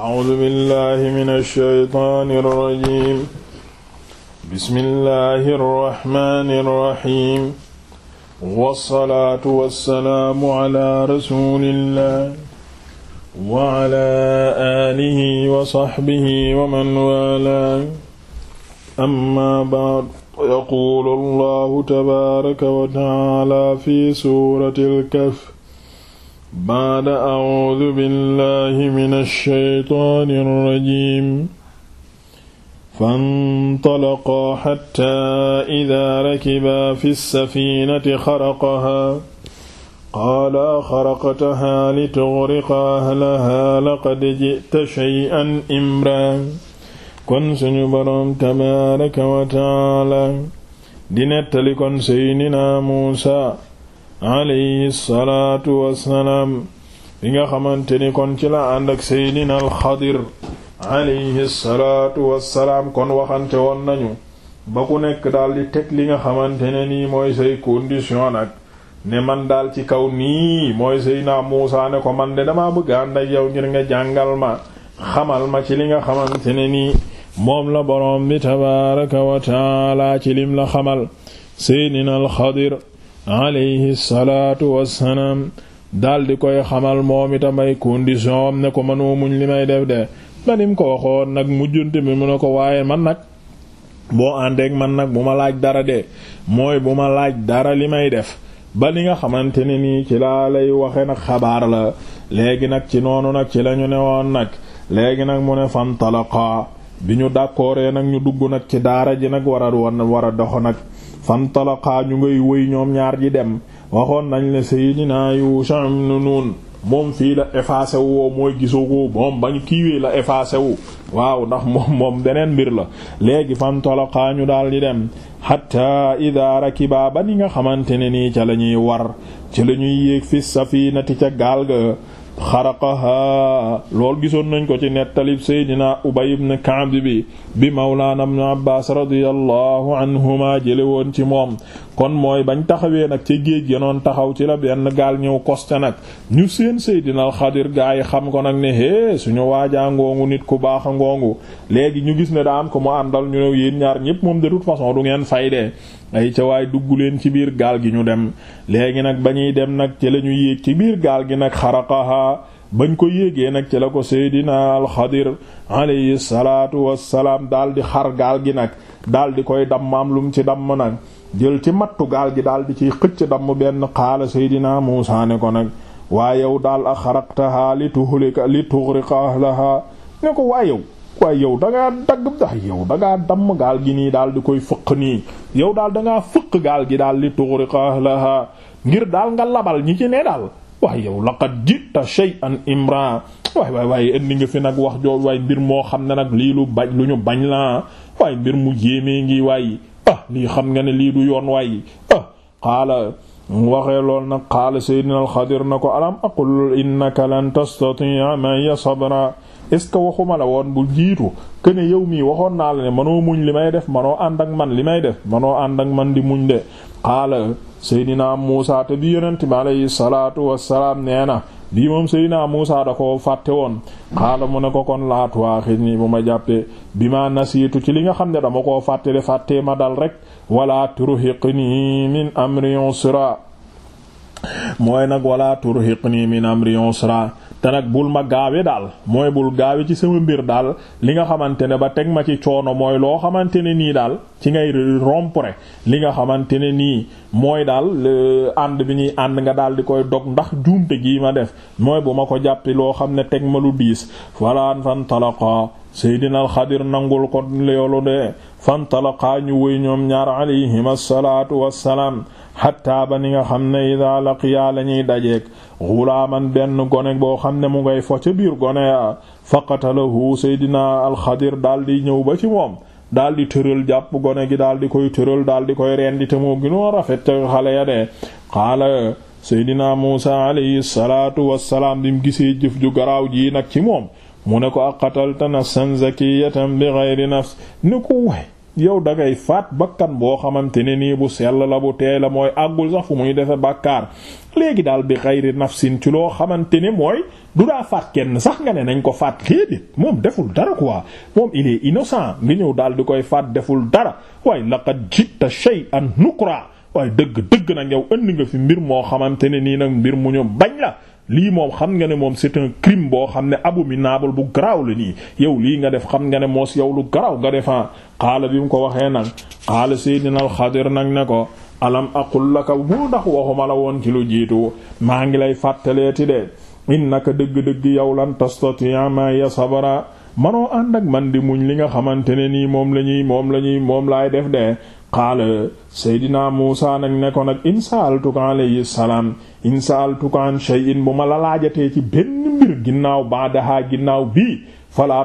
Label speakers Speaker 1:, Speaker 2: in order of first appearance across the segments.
Speaker 1: A'uuzu billaahi mina shaytaani rajiim. Bismillaahi rahmaani rahiim. Wassalaatu wassalaamu alaa rasuulillaahi wa alaa aalihi wa sahbihi wa man waalaahu. Ammaa ba'd, yaquulu Allaahu tabaaraka wa ta'aalaa fi suuratil Kahf. baada audu billahi min alsheytaani alrajim fantalaqaa xatta ida rakibaa fi lsafinati xaraqahaa qaala axaraqtahaa lituxriqa ahlahaa laqad ji'ta shay'an imraa kon suñu boroom tabaaraka wa taala di nettali kon seydinaa Muusaa alayhi salaatu wassalaam bi nga xamante ni kon ci la ànd ak seydina alxadir alayhi salaatu wassalaam kon waxante woon nañu ba ku nekk daldi teg li nga xamante ne nii mooy say condition nag ne man daal ci kaw nii mooy seydina Muusaa ne ko man de damaa bëgg ànd ak yow ngir nga jàngal ma xamal ma ci li nga xamante ne nii moom la boroom bi tabaaraka wa taala ci lim la xamal seydina alxadir alayhi salaatu wassalaam daldi koy xamal moom itam ay condition ne ko mënoo muñ li may def de banim ko waxoon nag mujjunte bi mu ne ko waaye man nag boo àndeek man nag bu ma laaj dara de mooy bu ma laaj dara li may def ba li nga xamante ne nii ci laa lay waxe nag xabaar la léegi nag ci noonu nag ci lañu ne woon nag léegi nag mu ne fantalaqaa bi ñu dàkkooree nag ñu dugg nag ci daara ji nag war a war a doxo nag fantalaqaa ñu ngay woy ñoom ñaar ji dem waxoon nañ la Seydina Yusha ibn Nun moom fii la effacé wu woo mooy gisoo ko moom bañ kiiwee la effacé wu waaw ndax moom moom beneen mbir la léegi fantalaqaa ñu daal di dem hatta ida kibaa ba ni nga xamante ne nii ca la ñuy war ci la ñuy yéeg fi safinati ca gaal ga xaraqaha lool gisoon nañ ko ci nettalib seydina ubay ibn Ka'b bi bi mawlaana ibn Abbaas radiyallahu anhuma jële woon ci moom kon mooy bañ taxawee nag ci géej genoon taxaw ci la benn gaal ñëw koste nag ñu seen seydina Xadir gaa xam ko nag ne hee suñu waajaa ngoongu nit ku baax a ngoongu léegi ñu gis ne daa am ko mu àndal ñu ne yéen ñaar ñépp moom de toute façon du ngeen fay ay ca waay dugg leen ci biir gaal gi ñu dem léegi nag ba ñuy dem nag ci la ñu yéeg ci biir gaal gi nag xaraqaha bañ ko yéegee nag ci la ko seydina alxadir alayhi salaatu wassalaam daal di xar gaal gi nag daal di koy dammaam lum ci damm nag jël ci mattu gaal gi daal di ciy xëcc damm benn xaala seydinaa muusa ne ko nag waa yow daal a xaraqtaha li tuxlika li tuxriqa ne ko waa yow waaye yow da ngaa yow da ngaa gaal gi nii daal di koy fëq nii yow daal da fuq gaal gi daal di tughriqa ahlaha ngir daal nga labal ñi ci ne daal waaye yow laqad jita shay'an imra waay waay indi nga fi nag wax joo waaye mbir moo xam ne nag lii lu bañ lu ñu bañ la waaye mbir mu yéemee ngi waay ah, lii xam nga ne lii du yoon waay ah qaala lool nag qaala xadir na ko alam aqul innaka lan tastati'a ma'iya sabra est-ce que waxuma la woon bu jiitu que ne yow la ne manoo muñ li may def manoo ànd man li may def manoo ànd man di muñ de xaala seydinaa Muusaa te bi yonent bi alayhi salaatu wassalaam nee na moom seydinaa Muusaa da ko fàtte woon xaala mu ne ko kon laatuwaaxit nii bu ma jàppee bi ma nasiitu ci li nga xam ne dama koo fàtte de fàttee ma dal rek wala turhiqnii min amri yusra mooy nag wala turhiqnii min amri yusra te nag bul ma gaawe daal mooy bul gaawe ci sama mbir daal li nga xamante ne ba teg ma ci coono mooy loo xamante ne nii daal ci ngay rompre li nga xamante ne nii mooy daal euh, ànd bi ñuy ànd nga daal di koy dog ndax juumte gii ma def mooy bu ma ko jàppi loo xam ne teg ma lu diis falaan fan talaka seydina alxadir nangul ko leolu de fan ñu wëy ñoom ñaar alayhim assalaatu wassalaam xatta ba ni nga xam ne ida laqiyaa la ñuy dajeek xulaaman benn gone boo xam ne mu ngay fo ca biir gone ya faqatalahu seydina alxadir daal di ñëw ba ci moom daal di tëral jàpp gone gi daal di koy tëral daal di koy rendi moo gënoon rafet xale ya de xaala seydina Muusa alayhi salaatu wassalaam bi mu jëf ju garaaw ji nag ci moom mu ne ko aqatalta nafsan zakiyatan bighayri nafs ni ko way yow dangay faat bakkan boo xamante ne nii bu sell la bu teey la mooy àggul sax fu muy defee bàkkaar léegi daal bi xayri nafsin ci loo xamante ne mooy du daa faat kenn sax nga ne nañ ko faat léedéet moom deful dara quoi moom il innocent nga ñëw daal di koy faat deful dara waaye laqad jitta shay'an nukra waaye dëgg dëgg nag yow ënd nga fi mbir moo xamante ne nii nag mbir mu ñu bañ la lii moom xam nga ne moom c'est un crime boo xam ne abominable bu garaaw la nii yow lii nga def xam nga ne moos yow lu garaaw nga defaa ah. xaala bi mu ko waxee nag xaala Seydina Alxadir nag ne ko alam akul laka moo ndax waxuma la woon ci lu jiitu maa ngi lay ti de innaka dëgg-dëgg yow lan tastati'a ma'iya sabra manoo ànd ak man di muñ li nga xamante ne nii moom la ñuy moom la ñuy moom laay def de qaala seydina muusa nag ne ko nag insaaltuka alayhi salaam insaaltuka an shay'in bu ma la laajatee ci benn mbir ginnaaw baadaha ginnaaw bii fala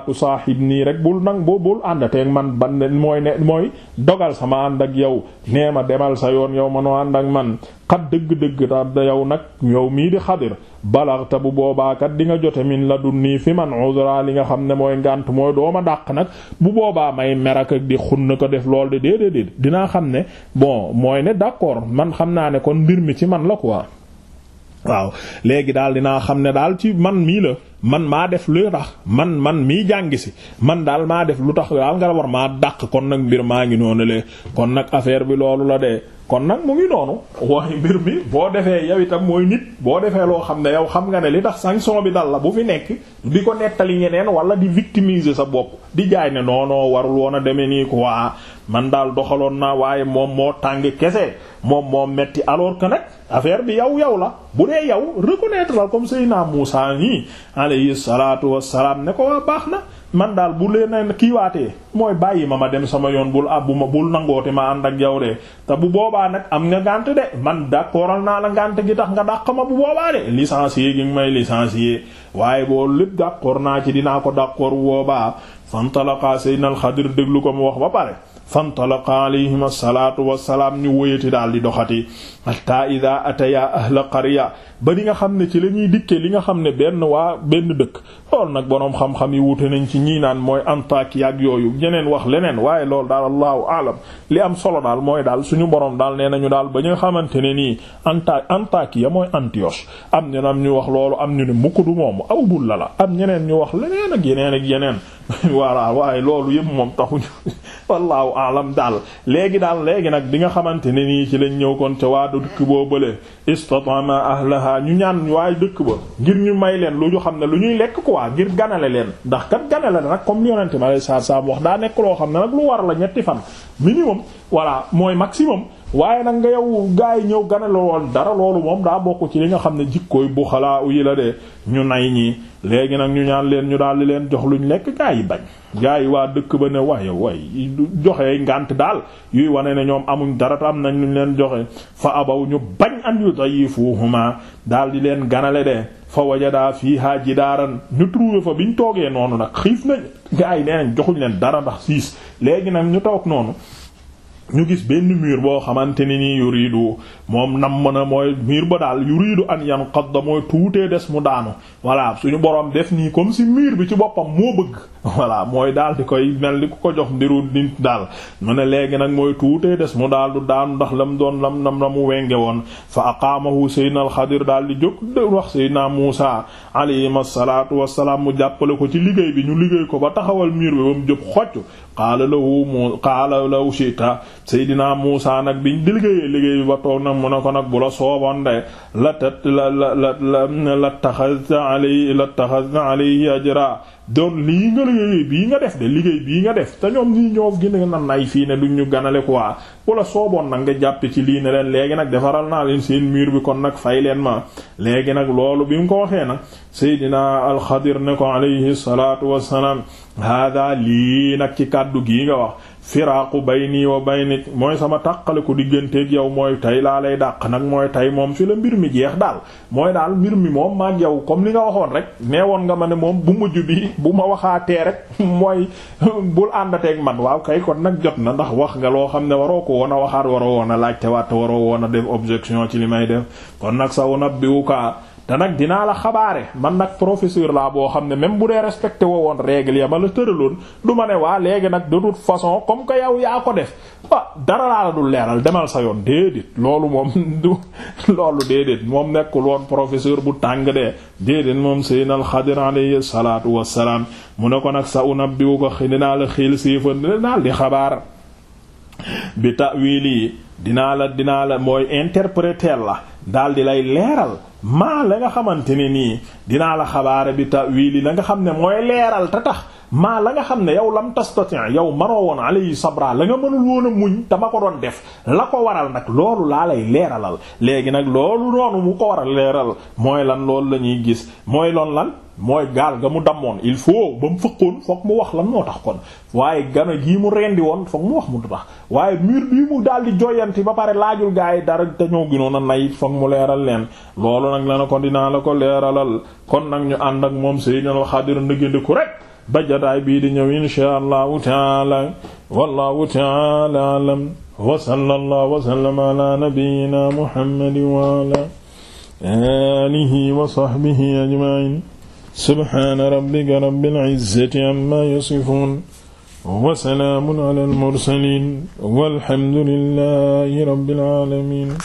Speaker 1: nii rek bul nang boo bul àndateeg man ban mooy ne mooy dogal sama ànd ak yow nee ma demal sa yoon yow ma manoo ànd ak man xat dëgg-dëgg da yow nag yow mii di xadir balaxta bu boobaakat di nga jote min la dun nii fi man uzra li nga xam ne mooy ngànt mooy dooma dàq nag bu boobaa may merak ak di xunn ko def lool de déedéedéet dinaa xam ne bon mooy ne d'accord man xam naa ne kon mbir mi ci man la quoi waaw léegi daal dinaa xam ne daal ci man mii la man maa def lu tax man man mii jàngi si man daal maa def lu tax daal nga war maa dàq kon nag mbir maa ngi noonu le kon nag affaire bi loolu la de kon nag mu ngi noonu waaye mbir mi boo defee yow itam mooy nit boo defee loo xam ne yow xam nga ne li tax sanction bi dal la bu fi nekk di ko nettali ñeneen wala di victimiser sa bopp di jaay ne noonoo warul woon a demee nii ko waa man daal doxaloon naa waaye moom moo tàng kese moom moo metti alors que nag affaire bi yow yow la bu dee yow reconnaître la comme Seydina Muusaa nii alayhi salaatu wassalaam ne ko waa baax na man daal bu leen kiiwaatee mooy bàyyi ma ma dem sama yoon bul abbu ma bul nangoote ma ànd ak yow de te bu boobaa nag am nga ngànt de man d'accordal naa la ngànt gi tax nga dàq ma bu boobaa de licencié gi may licencié waaye boo lépp d'accord naa ci dinaa ko d'accord bu boobaa fantalaqaa sayyidina al Xadir déglu ko mu wax ba pare fantalaqa alayhim asalaatu wasalaam ñu wóyati daal di doxati hatta ida ataya ahla qarya ba di nga xam ne ci la ñuy dikkee li nga xam ne benn waa benn dëkk lool nag boroom xam-xam yi wuute nañ ci ñii naan mooy Antakiya ak yooyu ñeneen wax leneen waaye lool daal allahu aalam li am solo daal mooy daal suñu boroom daal nee nañu daal ba ñu nga xamante ne nii Anta Antakiya mooy Antioche am ñeneen am ñu wax loolu am ñu ne mukk du moom awbul la la am ñeneen ñu wax leneen yeneen ak yeneen voilà waaye loolu yëpp moom taxuñu wallaahu alam daal léegi daal léegi nag bi nga xamante ne nii ci lañ ñëw kon ca waa dëkk boo bële istatama ahlaha ñu ñaan waaye dëkk ba ngir ñu may leen lu ñu xam ne lu ñuy lekk ko waa ngir ganale leen ndax kat ganale nag comme li yonente mi saa saatu salaam wax daa nekk loo xam ne nag lu war la ñetti fan minimum voilà mooy maximum waaye nag nga yow gars ñëw ganale woon dara loolu moom daa bokk ci li nga xam ne jikkooy bu xalaa yi la de ñu nay léegi nag ñu ñaan leen ñu daal di leen jox luñ lekk gaa yi bañ gaa yi waa dëkk ba ne waaye way joxe ngànt daal yuy wane ne ñoom amuñ dara am nañ luñ leen joxe fa abaw ñu bañ am yu dayifuhuma daal di leen ganale de fa wajada fiha jidaaran ñu trouvé fa biñ toogee noonu nag xiif nañ gaa yi nee nañ joxuñ leen dara ndax siis léegi nag ñu toog noonu ñu gis benn mur boo xamante ni nii yuriidu moom nam mën a mooy mur ba daal yuriidu an yanqadda mooy tuutee des mu daanu voilà suñu borom def nii comme si miir bi ci boppam moo bëgg voilà mooy daal di koy mel di ku ko jox ndiru nit daal mu ne léegi nag mooy tuutee des mu daal du daanu ndax lam doon lam nam la mu wenge woon fa aqaamahu saydna alxadir daal di jóg de wax saydna Muusa alayhi salaatu wassalaam mu jàppale ko ci liggéey bi ñu liggéey ko ba taxawal mur bi ba mu qaala lahu mu qaala lahu shita seydinaa Muusaa nag biñ liggéeyee liggéey bi ba toog nag mu ne ko nag bu la sooboon de la tat la la la la la taxazna la taxazna alayhi ajra doon lii nga liggéey bii nga def de liggéey bii nga def te ñoom ñii ñoo gën a nan ay fii ne duñ ñu ganale quoi bu la sooboon nag nga jàpp ci lii ne leen léegi nag defaral naa leen seen mur bi kon nag fay leen ma léegi nag loolu bi ko waxee nag seydinaa alxadir ne ko alayhi salaatu wassalaam hada lii nag ci kàddu gii nga wax firaqu bayni bay baynik mooy sama tàqale ko digganteeg yow mooy tey laa lay dàq nag mooy tey moom fi la mbir mi jeex daal mooy daal mbir mi moom maag yow comme li nga waxoon rek nee woon nga ma ne moom bu mujj bi bu ma waxaatee rek mooy bul àndateeg man waaw kay kon nag jot na ndax wax nga loo xam ne waroo ko woon a waxaat waroo woon a laajte waat waroo woon a def objection ci li may def kon nag sa nabbiwuka te nag dinaa la xabaare man nag professeur laa boo xam ne même bu dee respecté woo woon règle ya ma la tëraloon du ma ne waa léegi nag de toute façon comme que yow yaa ko def ah dara laa la dul leeral demal sa yoon déedéet loolu moom du loolu déedéet moom nekkul woon professeur bu tàng de déedéet moom Seydina al Xadir alayhi salaatu wassalaam mu ne ko nag sa unabbiwu ko dinaa la xiil siifan dinaa di xabaar bi ta'wili dinaa la dinaa la mooy interpréter la daal di lay leeral maa la nga xamante ne nii dinaa la xabaare bi ta wii ta'wili la nga xam ne mooy leeral te tax maa la nga xam ne yow lam tastati' yow manoo woon alayhi sabra la nga mënul woon a muñ dama ko doon def la ko waral nag loolu laa lay leeralal léegi nag loolu noonu mu ko war a leeral mooy lan loolu la ñuy gis mooy loon lan mooy gaal ga mu dammoon il faut ba mu fëqoon foog mu wax lan moo tax kon waaye gana gii mu rendi woon foog mu wax mu tax waaye mur bii mu daal di joyanti ba pare laajul gaa yi dara te ñoo ginoon a nay foog mu leeral leen loolu ko dinaa la ko leeralal kon nag ñu ànd ak moom Seydina Xadir ndëggandiku rek ba jotaay bii di ñëw inshaa allahu taala wallahu taala alam wa sallallahu wa sallama ala nabiyyina muhammadin wa ala alihi wa sahbihi ajma'in subhana rabbika rabbil izzati amma yasifun wa salaamun ala al mursalin walhamdulillahi rabbil alamin